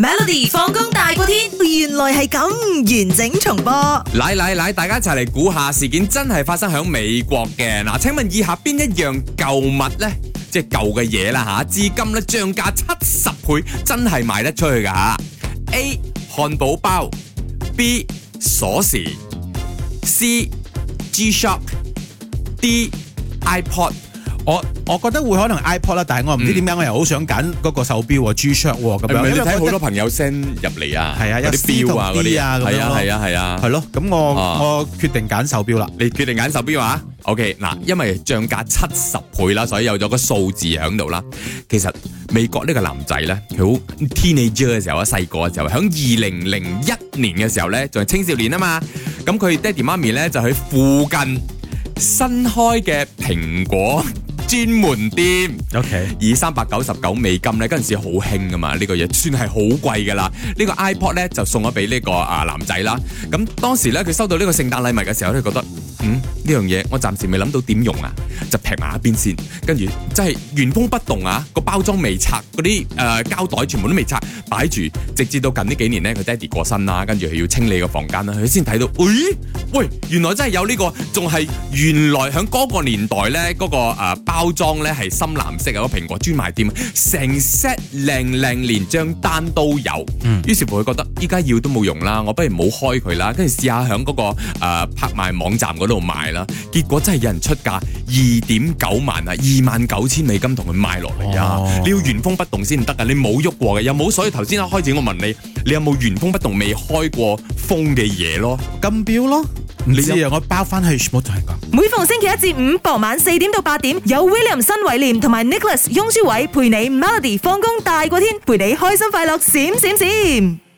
Melody 放工大過天，原來係咁完整重播。嚟嚟嚟，大家一齊嚟估下，事件真係發生響美國嘅。嗱，請問以下邊一樣舊物咧，即係舊嘅嘢啦吓，至今咧漲價七十倍，真係賣得出去噶吓。A. 漢堡包，B. 鎖匙，C. G-Shock，D. iPod。我我覺得會可能 iPod 啦，但係我唔知點解我又好想揀嗰個手錶 G-Shock 咁、嗯、樣。你睇好多朋友 send 入嚟啊，係啊，有啲表啊嗰啲啊，係啊係啊係啊，係咯、啊。咁、啊啊啊啊、我、啊、我決定揀手錶啦。你決定揀手錶啊 OK 嗱，okay，因為漲價七十倍啦，所以有咗個數字喺度啦。其實美國呢個男仔咧，佢好 teenager 嘅時候，細個嘅時候，喺二零零一年嘅時候咧，仲係青少年啊嘛。咁佢爹哋媽咪咧就喺附近新開嘅蘋果。專門店，OK，以三百九十九美金呢，嗰陣時好興噶嘛，呢個呢個、呢呢個嘢算係好貴噶啦。呢個 iPod 咧就送咗俾呢個啊男仔啦。咁當時呢，佢收到呢個聖誕禮物嘅時候咧，佢覺得嗯呢樣嘢我暫時未諗到點用啊，就擗埋一邊先。跟住真係原封不動啊，個包裝未拆，嗰啲誒膠袋全部都未拆，擺住，直至到近呢幾年呢，佢爹哋過身啦，跟住佢要清理個房間啦，佢先睇到，咦喂，喂，原來真係有呢、呢個，仲係原來喺嗰個年代呢，嗰、嗰個、呃、包。包裝呢係深藍色嘅個蘋果專賣店成 set 靚靚，連張單都有。嗯，於是乎佢覺得依家要都冇用啦，我不如冇開佢啦。跟住試下響嗰個誒、呃、拍賣網站嗰度賣啦。結果真係有人出價二點九萬啊，二萬九千美金同佢賣落嚟。啊！你要原封不動先得啊，你冇喐過嘅有冇？所以頭先一開始我問你，你有冇原封不動未開過封嘅嘢咯？金錶咯。知你知我包翻去，每逢星期一至五傍晚四點到八點，有 William 新偉廉同埋 Nicholas 雍舒偉陪你，Melody 放工大過天，陪你開心快樂閃閃閃。閃閃閃